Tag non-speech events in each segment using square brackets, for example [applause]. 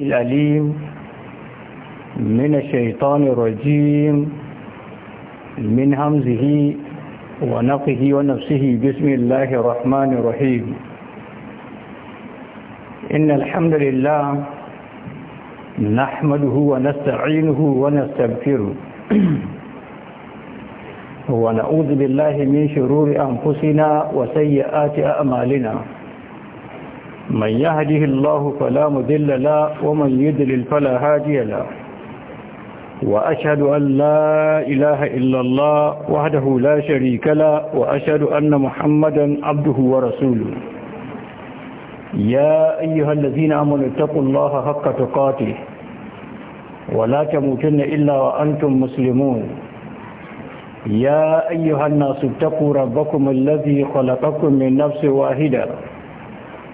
الأليم من الشيطان الرجيم من همزه ونقه ونفسه بسم الله الرحمن الرحيم إن الحمد لله نحمده ونستعينه ونستغفره ونعوذ بالله من شرور أنفسنا وسيئات أعمالنا من يهده الله فلا مذل لا ومن يدلل فلا هادي لا وأشهد أن لا إله إلا الله وحده لا شريك لا وأشهد أن محمدا عبده ورسوله يا أيها الذين آمنوا اتقوا الله حق تقاته ولا تموتن إلا وأنتم مسلمون يا أيها الناس اتقوا ربكم الذي خلقكم من نفس واحدة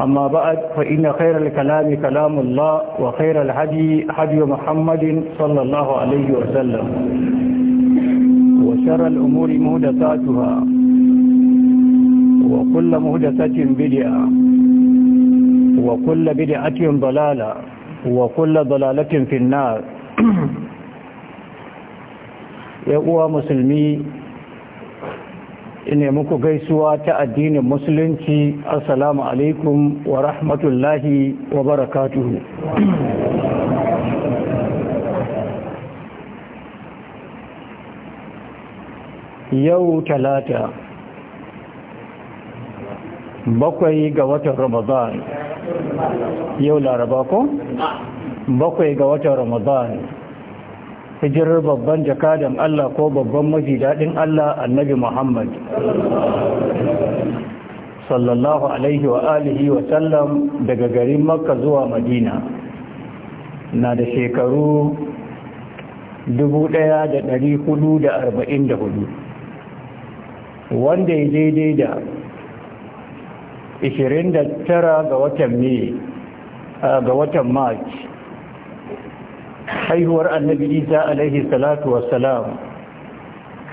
أما بعد فإن خير الكلام كلام الله وخير الهدي هدي محمد صلى الله عليه وسلم وشر الأمور مهدساتها وكل مهدسة بدعة وكل بدعة ضلالة وكل ضلالة في النار [clears throat] يقوى مسلمي ina muku gaisuwa ta addinin musulunci assalamu alaikum wa rahmatullahi wa barakatuhu yau talata bakwai ga watan ramadan yau laraba ko bakwai ga watan ramadan hijirar babban jakadan Allah ko babban mafi daɗin Allah annabi Muhammad sallallahu alaihi wa alihi wa sallam daga garin makka zuwa madina na da shekaru 1444 wanda ya daidai da 29 ga watan mai ga watan march haihuwar annabi isa alaihi salatu wassalam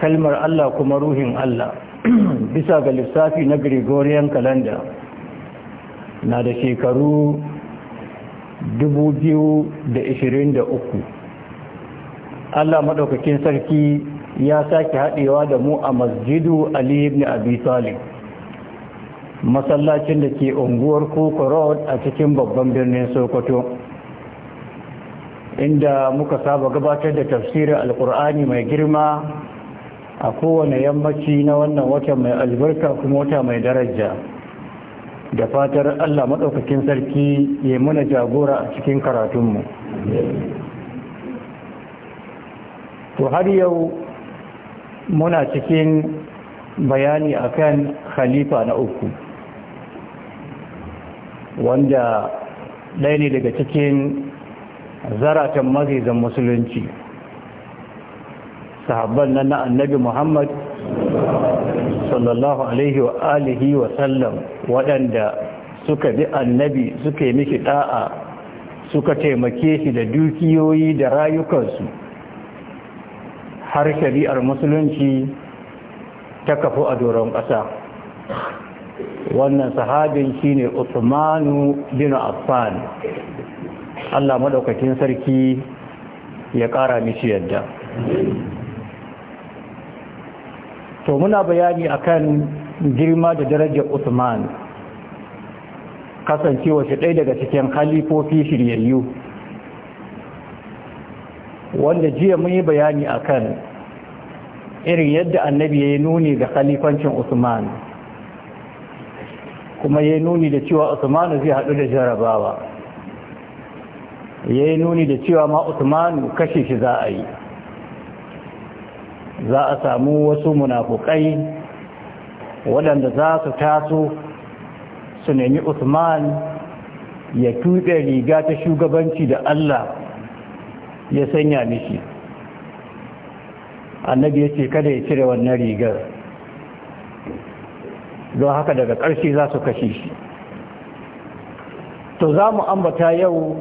kalmar allah kuma ruhin allah [clears throat] bisa ga lissafi na gregorian calendar na da shekaru 2023 allah maɗaukakin sarki ya sake haɗewa da mu a masjidu ali ibn abi talib masallacin da ke unguwar koko road a cikin babban birnin sokoto inda muka saba gabatar da tafsirin alkur'ani mai girma a kowane yammaci na wannan wata mai albarka kuma wata mai daraja da fatar allah maɗaukakin sarki ya muna jagora a cikin karatunmu to har yau muna cikin bayani akan khalifa na uku wanda ɗaya ne daga cikin zaratan mazizan musulunci sahabban nan na annabi muhammad sallallahu alaihi wa alihi wa sallam waɗanda suka bi annabi suka yi miki ɗa'a suka taimake shi da dukiyoyi da rayukansu har shari'ar musulunci ta kafu a doron ƙasa wannan sahabin shine usmanu bin affan Allah madaukakin sarki ya ƙara mishi yadda to muna bayani akan girma da darajar Usman kasancewa shi ɗaya daga cikin halifofi shiryayyu wanda jiya mun yi bayani akan irin yadda annabi ya yi nuni ga kalifancin Usman kuma ya yi nuni da cewa Usman zai haɗu da jarabawa ya yi nuni da cewa ma usmanu kashe shi za a yi za a samu wasu munafukai waɗanda za su taso su nemi usman ya tuɓe riga ta shugabanci da allah ya sanya mishi annabi ya ce kada ya cire wannan rigar don haka daga ƙarshe za su kashe shi to za mu ambata yau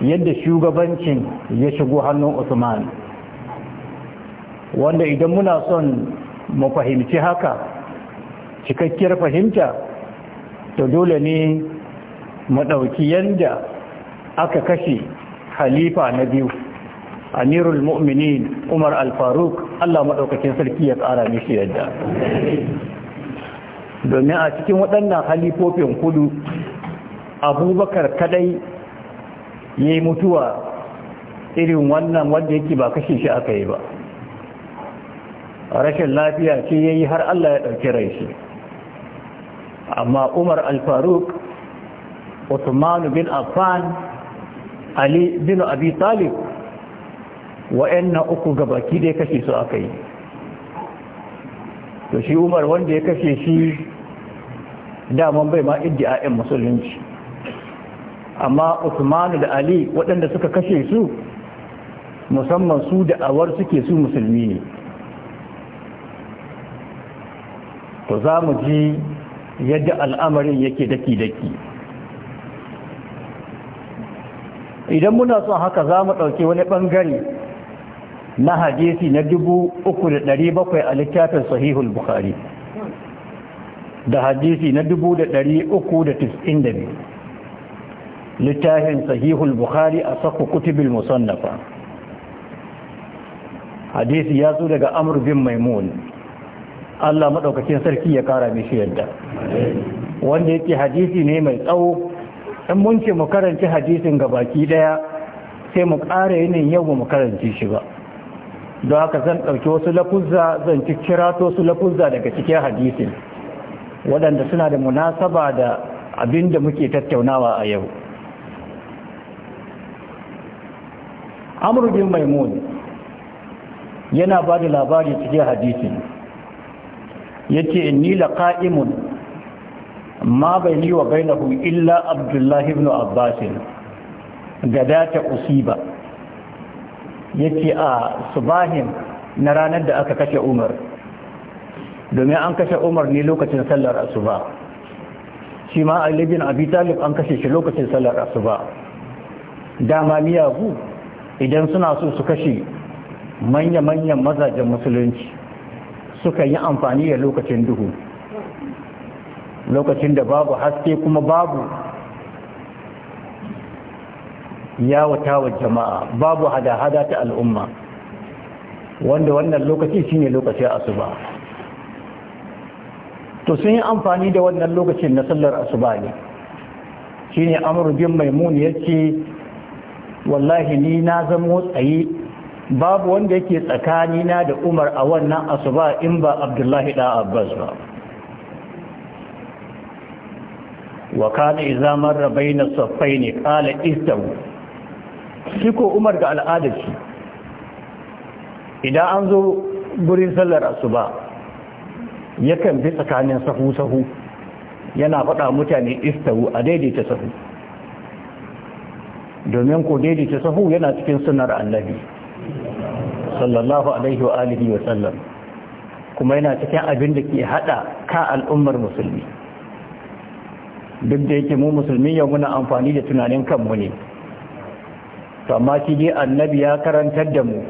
yadda shugabancin ya shigo hannun usman wanda idan muna son mu fahimci haka cikakkiyar fahimta to dole ne mu ɗauki yadda aka kashe khalifa na biyu amirul mu'minin umar al faruq allah maɗaukakin sarki ya ƙara mishi yadda domin a cikin waɗannan halifofin kudu abubakar kadai yi mutuwa irin wannan wanda yake ba kashe shi aka yi ba rashin lafiya ce ya yi har Allah ya ɗauki rai shi amma umar al-faruk usmanu bin affan ali bin abi talib wa'yan uku gabaki da ya kashe su aka yi to shi umar wanda ya kashe shi daman bai ma 'yan musulunci amma usmanu da ali waɗanda suka kashe su musamman su da awar suke su musulmi ne to za mu ji yadda al'amarin yake daki-daki idan muna son haka za mu ɗauki wani ɓangare na hadisi na 3,700 a littafin sahihul bukhari da hadisi na 3,392 littafin sahihul bukhari a saku kutubil musannafa hadisi ya zo daga amur bin maimun Allah maɗaukakin sarki ya ƙara mishi yadda wanda yake hadisi ne mai tsawo in mun ce mu karanci hadisin ga baki ɗaya sai mu ƙara yinin yau ba mu karanci shi ba don haka zan ɗauki wasu lafuzza zan ci kira to su lafuzza daga cikin hadisin waɗanda suna da munasaba da abin da muke tattaunawa a yau amru maimun yana ba da labari cikin hadisi yace inni ka'imun ma bai yi wa bainahu illa abdullahi ibn abbas ba. usiba ce a subahin na ranar da aka kashe umar domin an kashe umar ne lokacin sallar asuba shi ma a abi talib an kashe shi lokacin sallar asuba dama miyagu idan suna so su kashe manya-manyan mazajen musulunci suka yi amfani da lokacin duhu lokacin da babu haske kuma babu yawata wa jama'a babu hada-hada ta al'umma wanda wannan lokaci shine lokacin asuba to sun yi amfani da wannan lokacin na sallar asuba ne shine amurbin bin maimun wallahi ni na zamo tsaye babu wanda yake tsakani na da umar a wannan asuba in ba abdullahi da abbas ba wa kana idza marra bayna saffaini qala istawu shi ko umar ga al'adar shi idan an zo gurin sallar asuba yakan bi tsakanin sahu sahu yana faɗa mutane istawu a daidaita sahu domin ku daidaita sahu yana cikin sunar annabi sallallahu alaihi wa alihi wa sallam kuma yana cikin abin da ke hada ka al'ummar musulmi duk da yake mu musulmi yau muna amfani da tunanin kanmu ne to amma shi dai annabi ya karantar da mu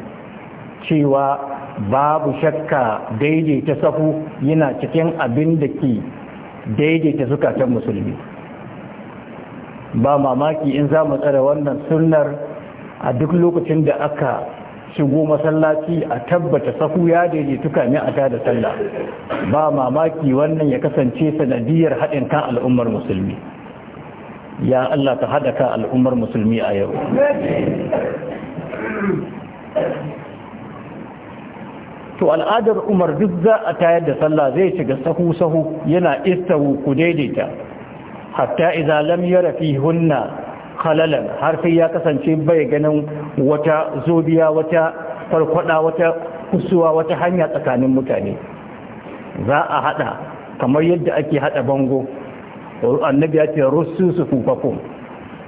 cewa babu shakka daidaita sahu yana cikin abin da ke daidaita zukatan musulmi ba mamaki in za mu tsara wannan sunnar a duk lokacin da aka shigo masallaci a tabbata safu ya daidaitu kamin a tada sallah ba mamaki wannan ya kasance sanadiyar haɗin kan al'ummar musulmi ya Allah ka haɗa kan al'ummar musulmi a yau to al'adar umar duk za a tayar da sallah zai shiga sahu-sahu yana istawu ku daidaita hatta idza lam yara hunna khalalan har sai ya kasance bai ganin wata zobiya wata farkwada wata kusuwa wata hanya tsakanin mutane za a hada kamar yadda ake hada bango annabi ya ce rusu su fufafu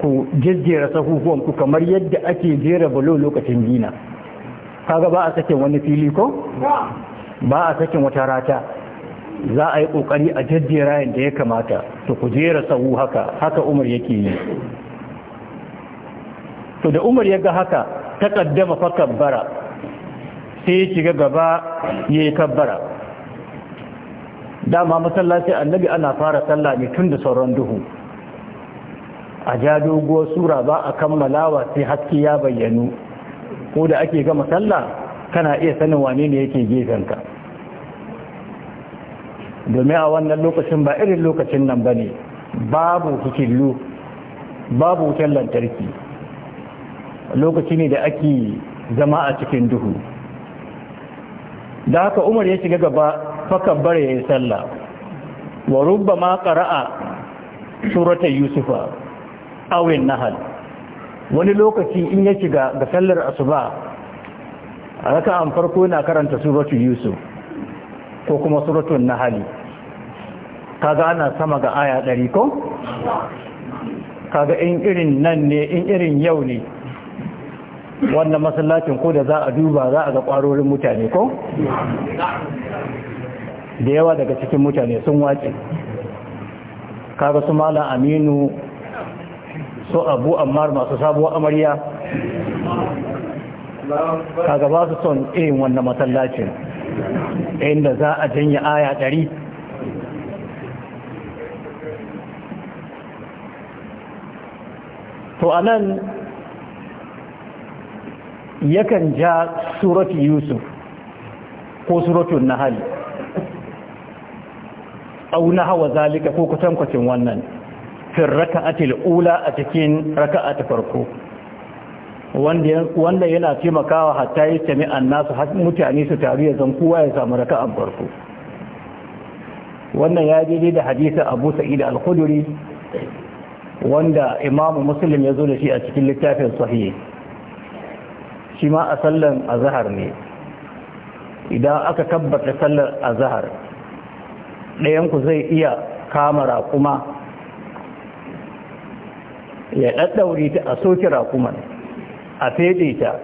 ku jejjera sahuhuwan ku kamar yadda ake jera bulo lokacin gina kaga ba a sakin wani fili ko ba a sakin wata rata za a yi kokari a jajjera yadda ya kamata to ku jera sahu haka haka umar yake yi to da umar ya ga haka ta kaddama fa kabbara sai ya shiga gaba ya yi kabbara dama masallaci annabi ana fara sallah ne tun da sauran duhu a ja doguwar sura ba a kammalawa sai haske ya bayyanu ko da ake gama sallah kana iya sanin wane ne yake gefenka domin a wannan lokacin ba irin lokacin nan ba ne babu hikillu babu wutan lantarki lokaci ne da ake zama a cikin duhu da haka umar ya shiga gaba fakabbar ya yi sallah wa rubba ma ƙara'a suratar yusufa awin nahal wani lokaci in ya shiga ga sallar asuba a raka an farko na karanta suratul yusuf ko kuma suratun na Ka kaga ana sama ga aya ɗari ko? kaga in irin nan ne in irin yau ne wannan masallacin ko da za a duba za a ga ƙwarorin mutane ko? da yawa daga cikin mutane sun wace kaga su mala aminu su abu ammar masu sabuwar amarya kaga ba su son irin wannan masallacin ta yadda za a janye aya ɗari to a nan yakan ja suratu yusuf ko suratun nahali au na hawa zalika ko kutankwacin wannan fin raka'atil ula a cikin raka'a ta farko wanda yana taimakawa hatta yi tami an nasu mutane su taru ya zan kowa ya samu raka an farko wannan ya daidai da hadisi abu sa'id al-khuduri wanda imamu muslim ya zo da shi a cikin littafin sahihi shi ma a sallan azahar ne idan aka tabbata sallar azahar. ɗayan ku zai iya kamara kuma ya ɗaɗɗaure ta a soke raƙuman. a fede ta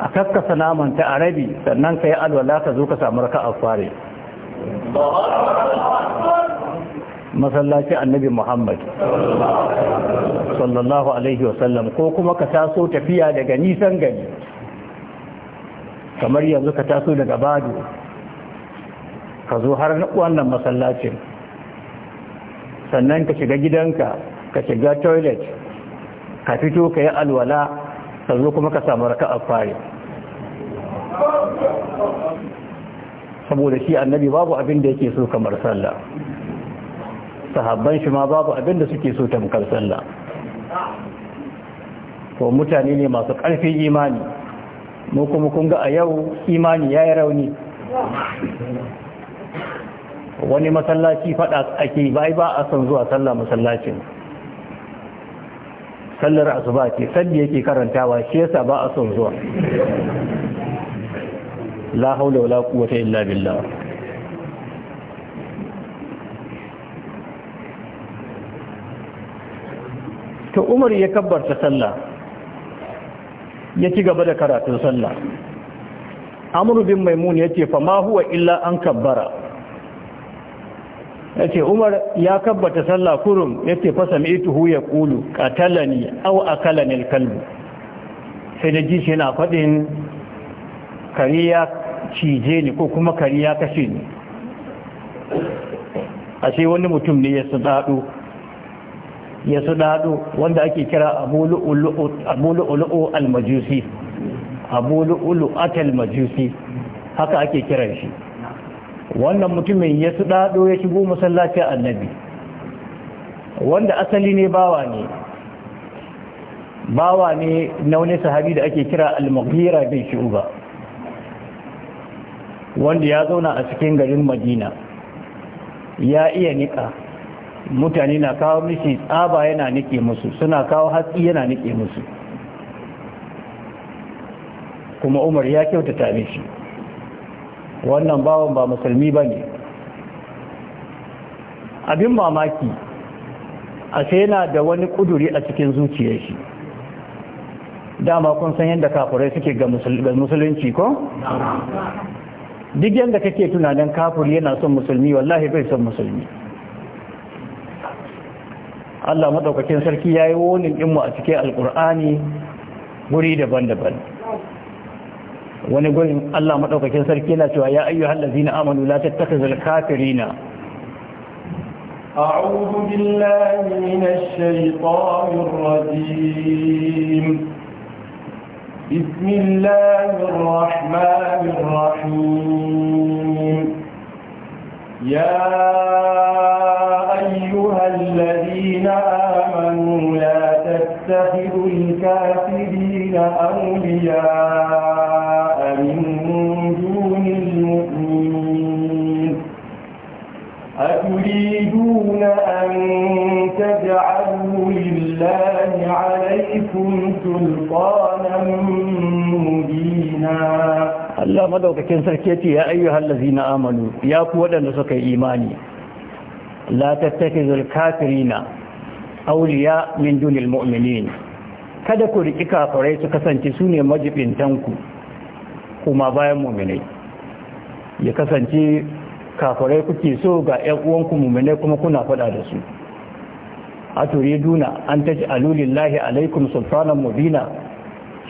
a kakkasa naman ta a rabi sannan ka yi alwala ka zo ka samu raka a fare masallaci annabi muhammad sallallahu alaihi wasallam ko kuma ka taso tafiya daga nisan gari kamar yanzu ka taso daga bado ka zo har wannan masallacin sannan ka shiga gidanka ka shiga toilet ka fito ka yi alwala ka zo kuma ka samu raka a fari saboda shi annabi babu abin da yake so kamar sallah sahabban shi ma babu abin da suke so tamkar sallah ko mutane ne masu ƙarfin imani mu kuma kun ga a yau imani ya yi rauni wani masallaci faɗa ake bai ba a son zuwa sallah masallacin sallar asuba ce sanda yake karantawa shi yasa ba a son zuwa la haula wala quwwata illa billah to Umar ya kabbarta sallah ya ci gaba da karatun sallah amru bin Maimun yace fa ma huwa illa an kabbara yace Umar ya kabbata sallah kurum yace fa kulu yaqulu qatalani aw akalani al-kalb sai da ji shi yana fadin kariya cije ni ko kuma kariya kashe ni ashe wani mutum ne ya sudado ya wanda ake kira abulu Lu'lu'u al-Majusi abulu al-Majusi haka ake kiran shi wannan mutumin ya su ɗaɗo ya shigo masallacin annabi wanda asali ne bawa ne bawa ne na wani sahabi da ake kira al-maghira bin shu'ba wanda ya zauna a cikin garin madina ya iya nika mutane na kawo mishi tsaba yana nike musu suna kawo hatsi yana nike musu kuma umar ya kyautata mishi wannan bawan ba musulmi ba ne abin mamaki a sai yana da wani kuduri a cikin zuciyar shi dama kun san yadda kafurai suke ga musulunci ko? duk yadda kake tunanin kafur yana son musulmi wallahi bai son musulmi Allah maɗaukakin sarki ya yi wonin ɗinmu a cikin Alkur'ani guri daban-daban wani gurin Allah madaukakin sarki yana cewa ya ayyuhal ladzina amanu la tattakhizul kafirina أعوذ بالله من الشيطان الرجيم بسم الله الرحمن الرحيم يا أيها الذين آمنوا لا تتخذوا الكافرين أولياء الله عليكم سلطانا مبينا الله مدوكين سركيتي يا أيها الذين آمنوا يا قوة نسوك إيماني لا تتكذ الكافرين أولياء من دون المؤمنين kada ku riƙi kafarai su kasance su ne majibintanku kuma bayan muminai ya kasance kafirai kuke so ga 'yan uwanku muminai kuma kuna faɗa da su a turiduna an ta alulillahi alaikum sultanan mubina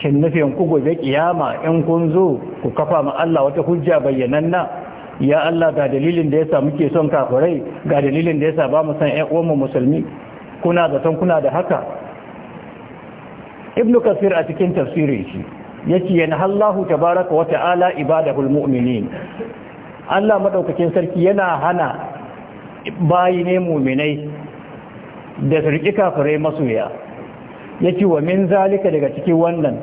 shin nufin ku gobe kiyama in kun zo ku kafa ma Allah wata hujja bayyananna ya Allah ga dalilin da yasa muke son kafirai ga dalilin da yasa ba mu san ƴan uwanmu musulmi kuna da san kuna da haka ibnu kasir a cikin tafsirin shi yace yana Allahu tabaaraka wa ta'ala ibadahul mu'minin Allah madaukakin sarki yana hana bayi ne mu'minai da su riƙi kafirai masoya ya wa min zalika daga cikin wannan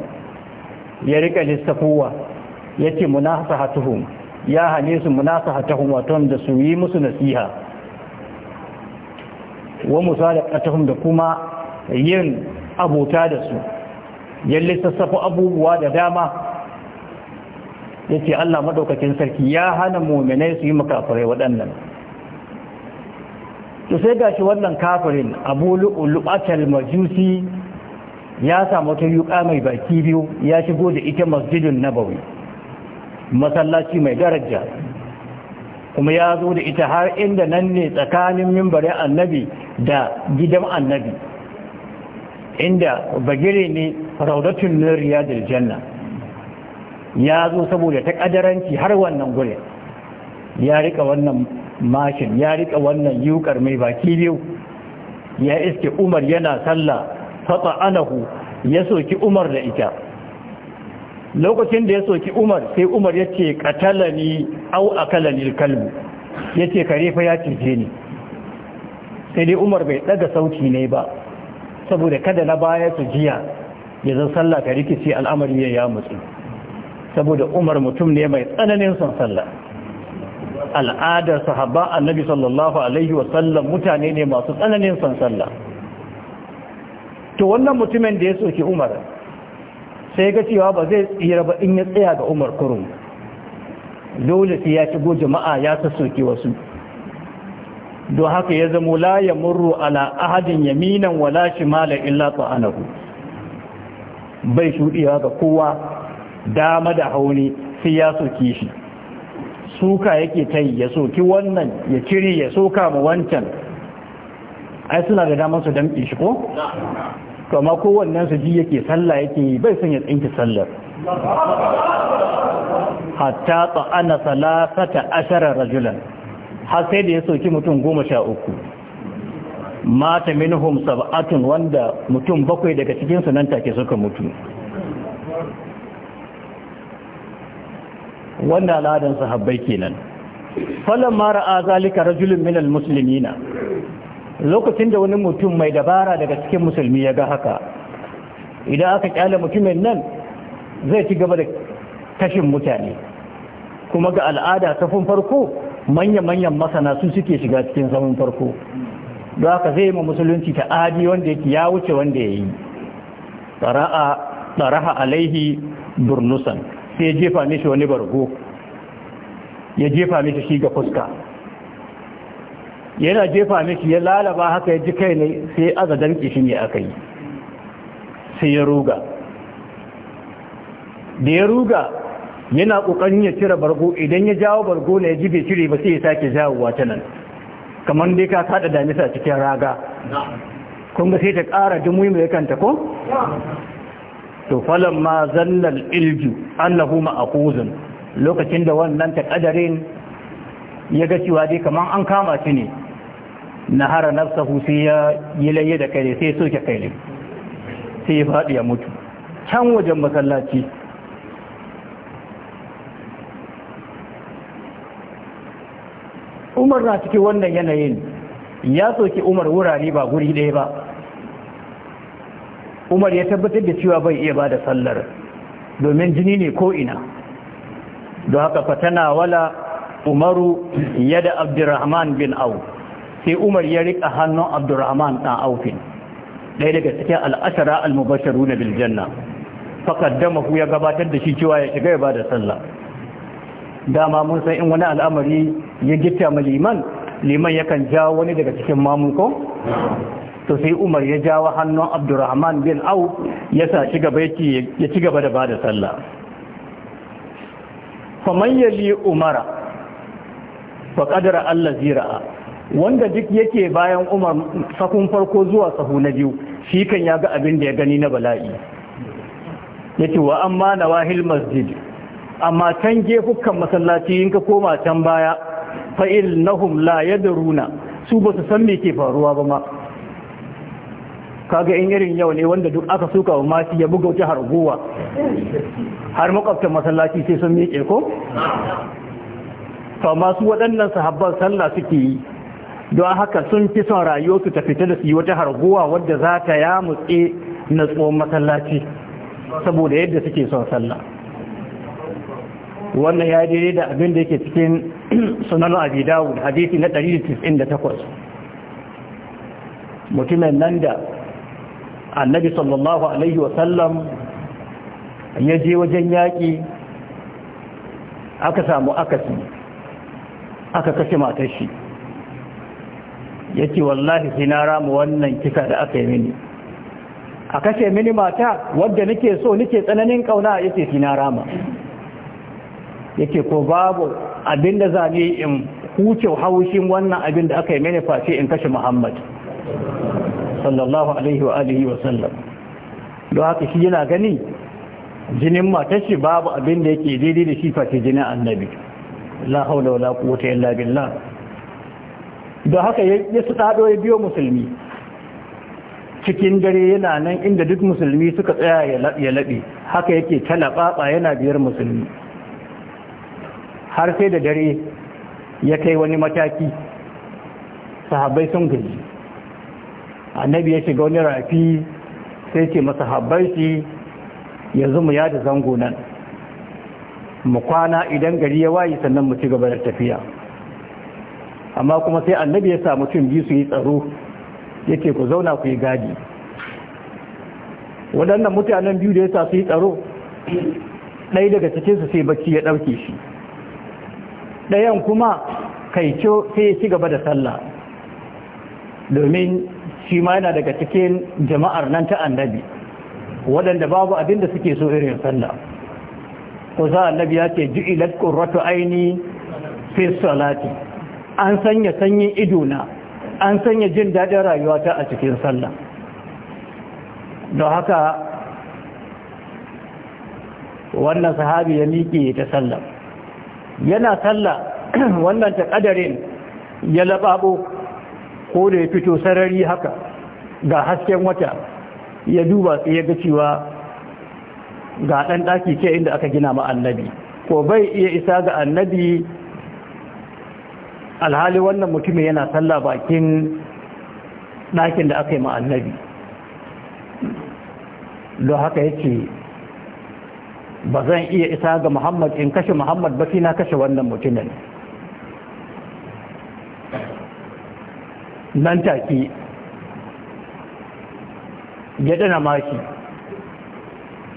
ya riƙa lissafuwa ya ce munasa ya hane su munasa hatuhum waton da su yi musu nasiha wa musa da kuma yin abota da su ya lissafa abubuwa da dama yace allah maɗaukakin sarki ya hana muminai su yi makafirai waɗannan to sai gashi wannan kafirin abu lu'ulu'atar majusi ya samu ta yuka mai baki biyu ya shigo da ita masjidin nabawi masallaci mai daraja kuma ya zo da ita har inda nan ne tsakanin mimbarin annabi da gidan annabi inda bagire ne raudatun nuriya da janna ya zo saboda ta ƙadaranci har wannan gure ya rika wannan mashin ya rika wannan yukar mai baki biyu ya iske umar yana sallah fata anahu ya soki umar da ita lokacin da ya soki umar sai umar ya ce katalani au akalani kalbu ya ce karefa ya cije ni sai dai umar bai daga sauti ne ba saboda kada na baya su jiya ya zan sallah ka rikici al'amari ya ya mutsu saboda umar mutum ne mai tsananin son sallah al'adar sahaba annabi sallallahu alaihi wasallam mutane ne masu tsananin son sallah to wannan mutumin da ya soke umar sai ga cewa ba zai tsira ba in ya tsaya ga umar kurum dole sai ya shigo jama'a ya sassoke wasu don haka ya zamo la ya murru ala ahadin yaminan wala shimala illa ta'anahu bai shuɗewa ga kowa dama da hauni sai ya soke shi suka yake ta yi ya soki wannan ya kiri ya soka mu wancan ai suna da damar su damke shi ko? Kama amma kowannen su ji yake sallah yake bai son ya tsinki sallar hatta tsa'ana salasata asharar rajulan har sai da ya soki mutum goma sha uku mata minhum sab'atun wanda mutum bakwai daga cikinsu nan take suka mutu wannan al'adan sahabbai kenan falon mara a zalika rajulun minal na. lokacin da wani mutum mai dabara daga cikin musulmi ya ga haka idan aka kyale mutumin nan zai ci gaba da kashin mutane kuma ga al'ada safin farko manya-manyan masana su suke shiga cikin safin farko don haka zai ma musulunci ta adi wanda yake ya wuce wanda ya yi tsaraha alaihi burnusan sai ya jefa mishi wani bargo ya jefa mishi shi ga fuska yana jefa mishi ya lalaba haka ya ji kai ne sai aza danki shi ne aka yi sai ya ruga da ya ruga yana ƙoƙarin ya cire bargo idan ya jawo bargo na ya ji bai cire ba sai ya sake jawowa ta nan kamar dai ka fada damisa cikin raga kun ga sai ta ƙara dumuyi mai kanta ko to falon ma zannal ilju annahu ma'akuzun lokacin da wannan taƙadarin ya ga cewa dai kaman an kama shi ne nahara hara nafsahu sai ya da kai sai soke kai ne sai ya faɗi ya mutu can wajen masallaci umar na cikin wannan yanayin ya soke umar wurare ba guri ɗaya ba umar ya tabbatar da cewa bai iya ba da sallar domin jini ne ko ina da haka fatana wala umaru yada abdurrahman bin au sai umar ya riƙa hannun abdurrahman ɗan aufin ɗaya daga cikin al'ashara al-mubasharu na biljanna ku ya gabatar da shi cewa ya shiga ya ba da sallah dama mun san in wani al'amari ya gita ma liman liman yakan ja wani daga cikin mamuko to sai umar ya jawo hannun abdurrahman bin au ya sa shiga baiti ya ci gaba da ba da sallah faman yali umara fa kadara allah zira'a wanda duk yake bayan umar safun farko zuwa sahu na biyu shi kan ya ga abin da ya gani na bala'i yace wa amma nawahil masjid amma can gefukan masallaci in ka koma can baya fa innahum la yadruna su ba su san me ke faruwa ba ma kaga in irin yau ne wanda duk aka suka wa mati ya buga wuce har guwa har makwabtan masallaci sai sun miƙe ko to masu waɗannan sahabban sallah suke yi don haka sun fi son rayuwarsu ta fita da su yi wata harguwa wadda za ta ya mutse na tsohon masallaci saboda yadda suke son sallah wannan ya daidai da abin da yake cikin [clears throat] sunan abi dawud hadisi na 198 mutumin nan da annabi sallallahu alaihi wasallam ya je wajen yaƙi aka samu akasi aka kashe matar shi ya ce wallahi sai na rama wannan kisa da aka yi mini a kashe mini mata wadda nake so nake tsananin kauna ya ce sai na rama ya ce ko babu abinda zane in huce haushin wannan abin da aka yi mini face in kashe muhammad sallallahu alaihi wa alihi wa sallam don haka shi yana gani jinin matar shi babu abin da yake daidai da shi face jinin annabi la haula wala quwwata illa billah don haka ya su ya biyo musulmi cikin dare yana nan inda duk musulmi suka tsaya ya laɓe haka yake talaƙaƙa yana biyar musulmi har sai da dare ya kai wani mataki sahabbai sun gaji annabi ya shiga wani rafi sai ce masa habban shi yanzu mu yada zango nan mu kwana idan gari ya wayi sannan mu ci gaba da tafiya amma kuma sai annabi ya samu cin biyu su yi tsaro yake ku zauna ku yi gadi waɗannan mutanen biyu da ya sa su yi tsaro ɗaya daga cikinsu sai bacci ya ɗauke shi ɗayan kuma kai ce sai ya ci gaba da sallah domin shi ma yana daga cikin jama'ar nan ta annabi waɗanda babu abinda suke so irin sallah ko za annabi ya ce ju'ilat qurratu aini fi salati an sanya sanyin ido na an sanya jin dadin ta a cikin sallah don haka wannan sahabi ya miƙe ta sallah yana sallah [clears throat] wannan ta kadarin ya labaɓo. ko da ya fito sarari haka ga hasken wata ya duba ya ga cewa ga ɗan ɗaki ce inda aka gina ma annabi ko bai iya isa ga annabi alhali wannan mutumin yana sallah bakin ɗakin da aka yi ma annabi don haka ya ce ba zan iya isa ga muhammad in kashe muhammad ba na kashe wannan mutumin nan take ya dana maki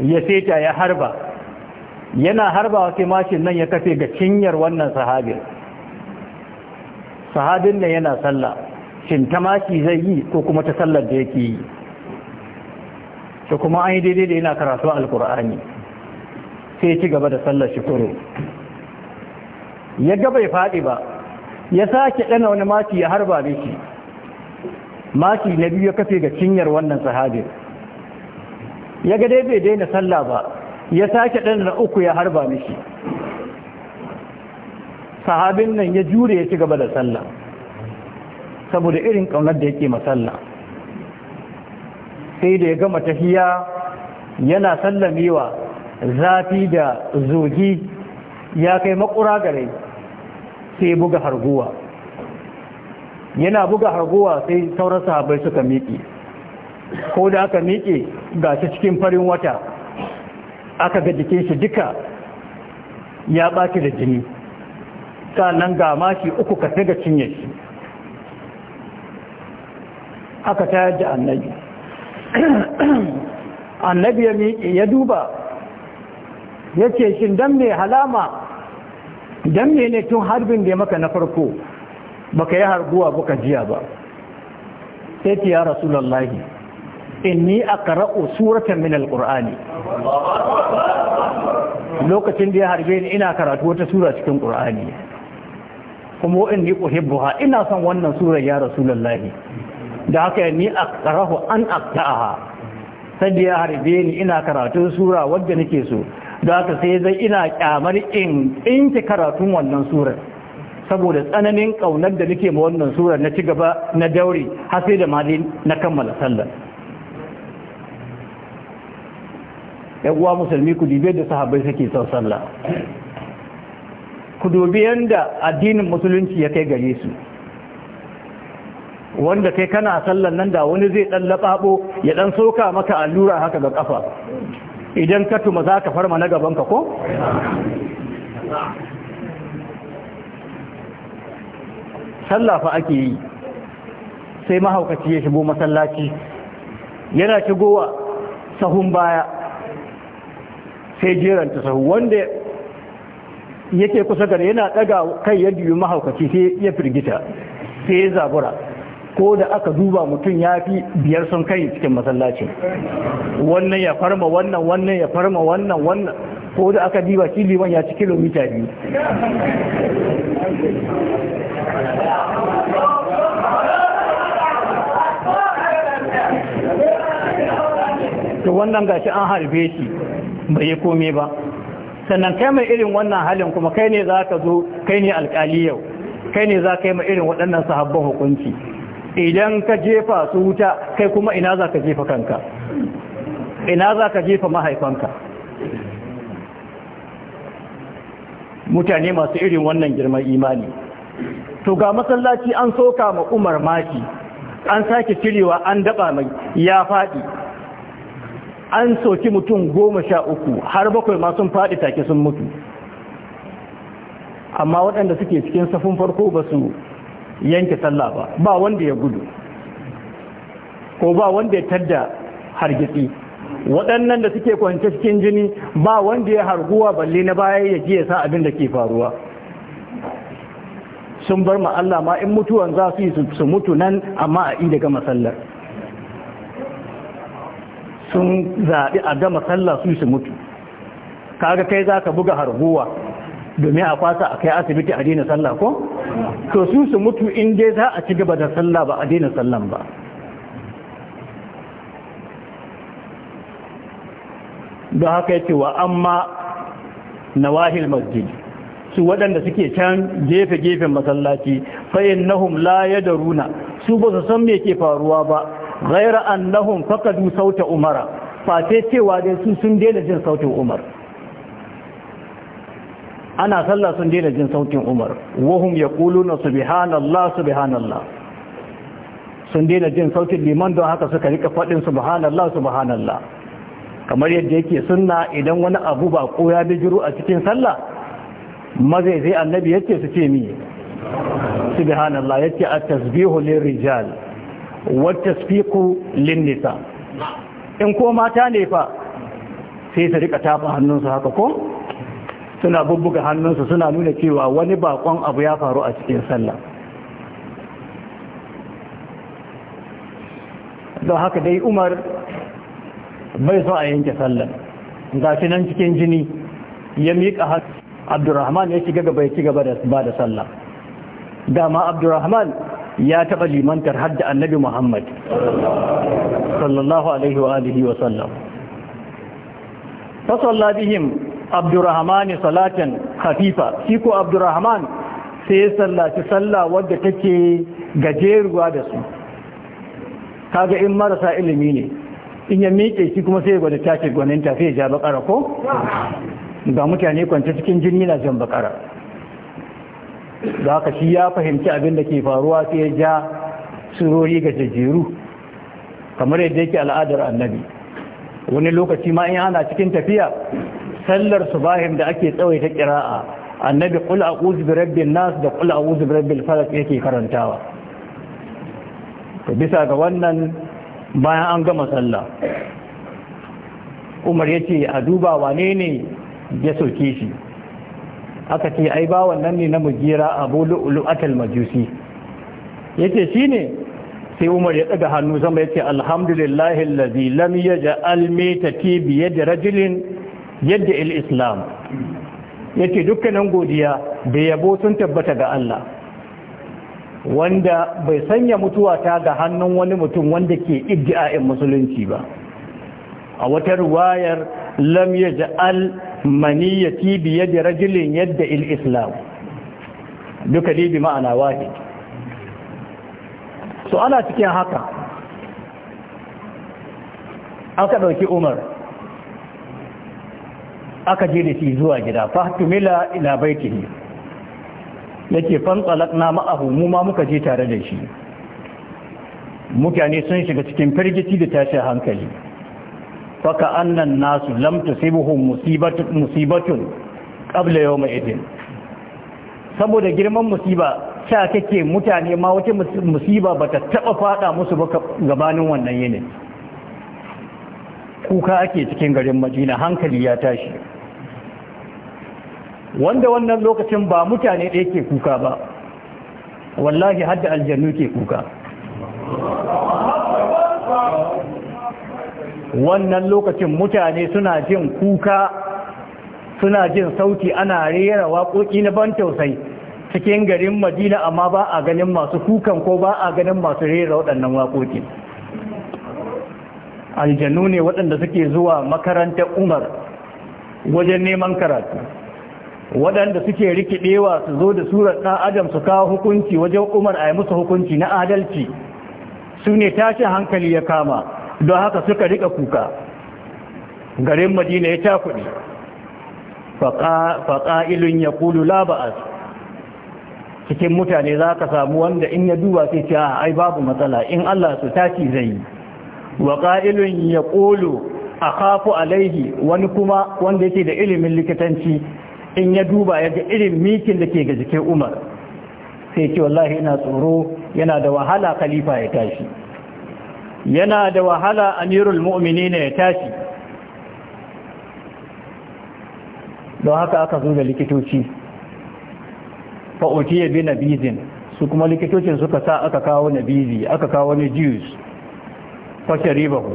ya seta ya harba yana harba sai mashin nan ya kafe ga cinyar wannan sahabin sahabin nan yana sallah shin ta maki zai yi ko kuma ta sallar da yake yi To kuma an yi daidai da yana karatu alkur'ani sai ci gaba da sallar shi kuro ya gaba ya faɗi ba ya sake ɗana wani maki ya harba da shi maki na biyu ya kafe ga cinyar wannan sahabin ya ga dai bai daina sallah ba ya sake ɗan na uku ya harba mishi sahabin nan ya jure ya ci gaba da sallah saboda irin ƙaunar da yake masalla sai da ya gama tafiya yana sallamewa zafi da zogi ya kai makura gare sai buga harguwa yana buga harguwa sai sauran sahabai suka miƙe ko da aka miƙe ga shi cikin farin wata aka ga jikin shi duka ya ɓaci da jini sannan ga mashi uku ka ga cinye shi aka tayar da annabi [clears throat] annabi ya miƙe ya duba ya ce shi don mai halama don ne tun harbin da ya maka na farko baka yi harguwa baka jiya ba sai ce ya rasulallahi inni aqra'u suratan min alqur'ani lokacin da ya harbe ni ina karatu wata sura cikin ƙur'ani kuma inni uhibbuha ina son wannan sura ya rasulallahi da haka ni a aqra'u an aqta'aha sai da ya harbe ni ina karatu sura wadda nake so da haka sai zai ina kyamar in in karatun wannan surar saboda tsananin ƙaunar da nake ma wannan surar na ci gaba na daure har sai da mali na kammala sallar uwa musulmi ku dubi da sahabbai suke son sallah ku dubi yadda addinin musulunci ya kai gare su wanda kai kana sallar nan da wani zai dan lababo ya dan soka maka allura haka ga kafa idan ka tuma za ka farma na gaban ka ko Sallafa ake yi sai mahaukaci ya shigo masallaci yana shigowa sahun baya sai jeranta sahu wanda yake kusa gare yana daga kai ya biyu mahaukaci sai ya firgita sai ya zabura ko da aka duba mutum ya fi biyar sun kai cikin masallacin wannan ya farma wannan wannan ya farma wannan wannan ko da aka diba shi ya ci kilomita biyu to wannan gashi an harbe shi bai yi kome ba sannan kai mai irin wannan halin kuma kai ne za ka zo kai ne alkali yau kai ne za ka yi mai irin waɗannan sahabban hukunci idan ka jefa su wuta kai kuma ina za ka jefa kanka ina za ka jefa mahaifanka mutane masu irin wannan girman imani to ga masallaci an soka ma umar maki an sake cirewa an daba mai ya faɗi an soki mutum goma sha uku har bakwai ma faɗi take sun mutu amma waɗanda suke cikin safin farko ba su yanke sallah ba ba wanda ya gudu ko ba wanda ya tadda hargitsi waɗannan da suke kwance cikin jini ba wanda ya harguwa balle na baya ya ji ya sa abin da ke faruwa sun bar ma Allah ma in mutuwan za su yi su mutu nan amma a inda ga masallar sun zaɓi a gama sallah su su mutu kaga kai za ka buga harguwa domin a kwasa a kai asibiti a daina sallah ko to su su mutu in dai za a ci gaba da sallah ba a daina sallan ba don haka yake wa amma na nawahil masjid su waɗanda suke can gefe-gefen masallaci fayin nahum la ya runa, su ba su san me ke faruwa ba gaira an nahum fakadu sauta umara face cewa dai su sun daina jin sautin umar ana sallah sun daina jin sautin umar wahum ya bihanallah, subhanallah subhanallah sun daina jin sautin liman don haka suka rika faɗin subhanallah subhanallah kamar yadda yake sunna idan wani abu ba ko ya bijiro a cikin sallah mazaizai annabi yake su ce mi subhanallah yake a tasbihu lil rijal wa tasbiqu lin nisa in ko mata ne fa sai su rika tafa hannunsu haka ko suna bubbuga hannunsu suna nuna cewa wani bakon abu ya faru a cikin sallah don haka dai umar bai so a yanke sallar ga shi nan cikin jini ya miƙa har abdurrahman ya shiga gaba ya ci gaba da ba da sallah dama abdurrahman ya taɓa limantar hadda annabi muhammad sallallahu alaihi wa alihi wa sallam fasalla bihim abdurrahman salatan khafifa shi ko abdurrahman sai ya sallaci sallah wadda take gajeruwa da su kaga in marasa ilimi ne in ya miƙe shi kuma sai ya gwada tashi gwaninta sai ya ja bakara ko ga mutane kwanta cikin jini na jan bakara za ka shi ya fahimci abin da ke faruwa sai ya ja surori ga jajjeru kamar yadda yake al'adar annabi wani lokaci ma in ana cikin tafiya sallar su bahim da ake tsawaita kira'a annabi kul'a a'udhu bi rabbin nas da kul'a a'udhu bi rabbil falas yake karantawa bisa ga wannan bayan an gama sallah umar ya ce a duba wane ne ya sauke shi aka ce ai ba wannan ne na mugira abu lu'atul majusi ya ce shi ne sai umar ya tsaga hannu sama ya ce alhamdulillahi lazi lam ya ja'al metati biye da rajulin yadda il-islam ya ce dukkanin godiya da yabo sun tabbata ga Allah wanda bai sanya mutuwa ta ga hannun wani mutum wanda ke iddi'a'in musulunci ba a wata ruwayar lam yaj'al maniyati bi yadi rajulin yadda il islam duka dai bi ma'ana wahid so ana cikin haka aka dauki Umar aka je da shi zuwa gida fahtumila ila baitihi yake na ma'ahu mu ma muka je tare da shi mutane sun shiga cikin firgici da tashin hankali faka annan nasu lam tusibuhum musibatun qabla yawm idin saboda girman musiba sha kake mutane ma wata musiba bata taɓa fada musu ba gabanin wannan yanayi. kuka ake cikin garin Madina hankali ya tashi wanda wannan lokacin ba mutane ɗaya ke kuka ba wallahi hadda aljannu ke kuka wannan lokacin mutane suna jin kuka suna jin sauti ana rera waƙoƙi na ban tausayi cikin garin madina amma ba a ganin masu kukan ko ba a ganin masu rera waɗannan waƙoƙi aljanu ne waɗanda suke zuwa makarantar umar wajen neman karatu waɗanda suke rikidewa su zo da surar ɗan adam su kawo hukunci wajen umar a yi musu hukunci na adalci su ne tashi hankali ya kama don haka suka rika kuka garin madina ya Faƙa faƙa'ilun ya kulu laba'as cikin mutane za ka samu wanda in ya duba sai ce a ah, ai babu matsala in allah su tashi zai yi waƙa'ilun ya kulu a kafu alaihi wani kuma wanda yake da ilimin likitanci in ya duba ya ga irin mikin da ke ga jikin umar sai ce wallahi ina tsoro yana da wahala khalifa ya tashi yana da wahala amirul mu'mini ya tashi don haka aka zo da likitoci fa'otiye bi nabizin su kuma likitocin suka sa aka kawo nabizi aka kawo wani jews fashari bahu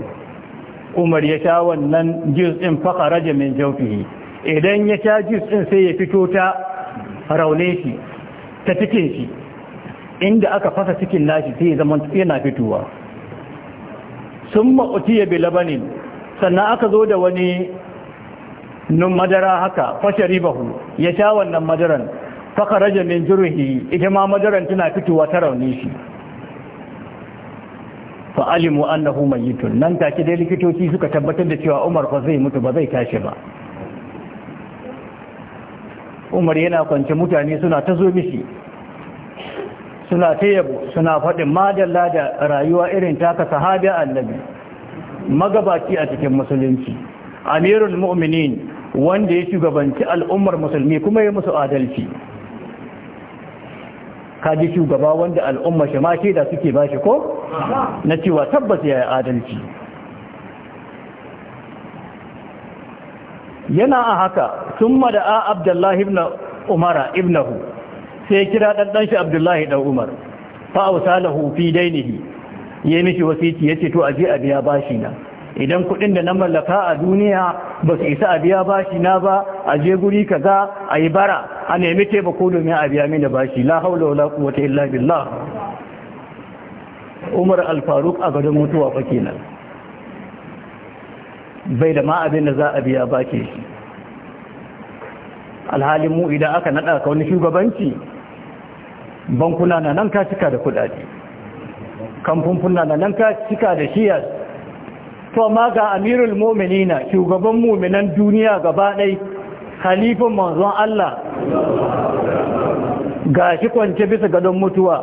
umar ya sha wannan jews din fakaraja min jaufihi idan ya ta jis ɗin sai ya fito ta raune shi ta cikin shi inda aka fasa cikin nashi sai ya zama yana fitowa sun ma'utiya bi labanin sannan aka zo da wani nun madara haka fashari bahu ya sha wannan madaran fakaraja min jirhi ita ma madaran tana fitowa ta raune shi alimu annahu mayyitun nan take dai likitoci suka tabbatar da cewa Umar fa zai mutu ba zai tashi ba umar yana kwance mutane suna ta zo mishi suna ta yabo suna faɗin madalla da rayuwa irin taka sahabi annabi magabaki a cikin musulunci amirul mu'minin wanda ya shugabanci al'ummar musulmi kuma ya musu adalci kaji shugaba wanda al'umma shi ma da suke ba shi ko na cewa tabbas ya yi adalci yana a haka ثم دعا عبد الله ابن عمر ابنه سيكرا دان Abdullahi عبد Umar دان عمر فاوصاله في دينه yi mishi ya ce to je a biya bashi na idan kuɗin da na mallaka a duniya ba su isa a biya bashi na ba a je guri kaza a yi bara a nemi ko domin a biya mini bashi la haula wala quwwata illa billah Umar al-Faruq a gadon mutuwa fa kenan bai da ma abin da za a biya baki shi alhalin mu idan aka naɗa ka wani shugabanci bankuna na nan ka cika da kudade kamfunfuna na nan ka cika da shiyar to ma ga amirul mu'minina shugaban mu'minan duniya gaba dai Khalifin manzon Allah ga shi kwance bisa gadon mutuwa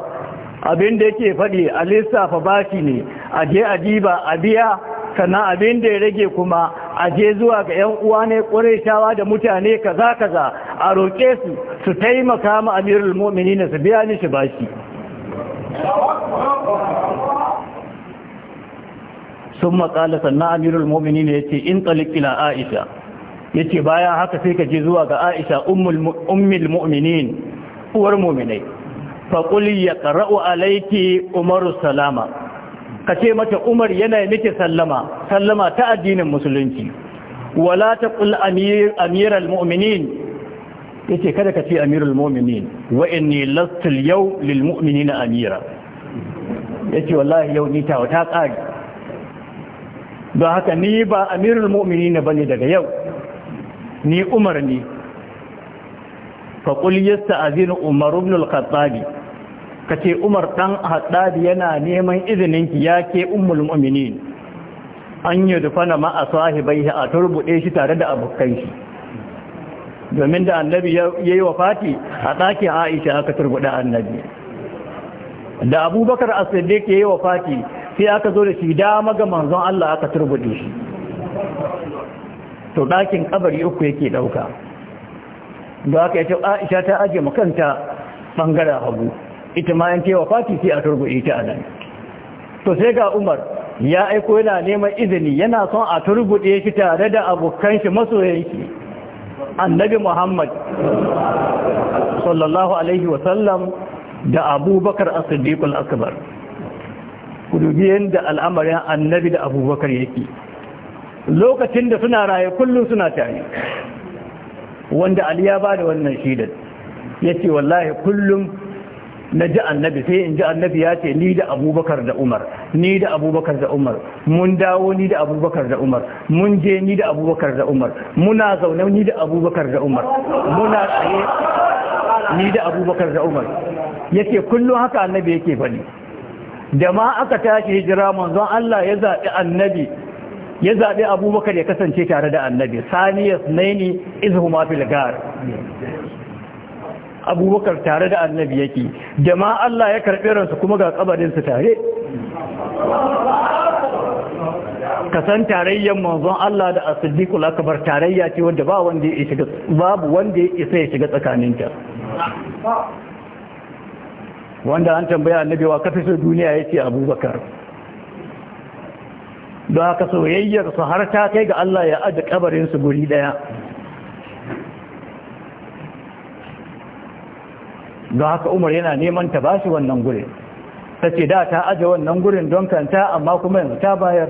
abin da yake faɗi a lissafa bashi ne a je a diba a biya sannan abin da ya rage kuma a je zuwa ga yan uwa ne ƙureshawa da mutane kaza kaza a roƙe su su taimaka ma amirul mu'minin su biya ni shi bashi sun makala sannan amirul ne ya ce in tsalik aisha ya ce bayan haka sai ka je zuwa ga aisha ummul uwar mu'minai faƙuli ya ƙara'u alaiki umaru salama ka ce mata umar yana miki sallama sallama ta addinin musulunci wala ta kul amiral mu'minin yace kada ka ce amirul mu'minin wa inni lastu yau lil mu'minina amira yace wallahi yau ni tawa ta tsari don haka ni ba amirul mu'minina bane daga yau ni umar ne fa qul yasta'zinu umar ibn al-khattabi ka ce umar ɗan haɗaɗi yana neman izininki ya ke ummul mu'minin an yi dufana ma'a sahibai a turbuɗe shi tare da abokan shi domin da annabi ya yi wa fati a ɗakin aisha aka turbuɗe annabi da abubakar a siddiq ya yi wa fati sai aka zo da shi dama ga manzon Allah aka turbuɗe shi to ɗakin kabari uku yake ɗauka da aka yi ta aisha ta ajiye makanta ɓangaren hagu ita ma yanke wa fati sai a turbuɗe ta a nan to sai ga umar ya aiko yana neman izini yana son a turbuɗe shi tare da abokan shi masoyan shi annabi muhammad sallallahu alaihi wasallam da abubakar as-siddiq al-akbar biyan da al'amarin annabi da abubakar yake lokacin da suna raye kullum suna tare wanda ali ya ba da wannan shidan ya wallahi kullum na ji annabi sai in ji annabi ya ce ni da abubakar da umar ni da abubakar da umar mun dawo ni da abubakar da umar mun je ni da abubakar da umar muna zaune ni da abubakar da umar muna tsaye ni da abubakar da umar yake kullum haka annabi yake faɗi da ma aka tashi hijira manzon Allah ya zaɓi annabi ya zaɓi abubakar ya kasance tare da annabi saniyas naini izhuma fil gar Bakar tare da annabi yake da Allah ya karɓi ransu kuma ga kabarinsu tare ka san tarayyar manzon Allah da asiddiqul akbar tarayya ce wanda ba wanda ya shiga babu wanda ya isa ya shiga tsakaninta wanda an tambaya annabi wa kafi so duniya yace abubakar don haka soyayyar su har ta kai ga Allah ya aje kabarin su guri daya don haka umar yana neman ta ba shi wannan gurin ta ce da ta aje wannan gurin don kanta amma kuma yanzu ta bayar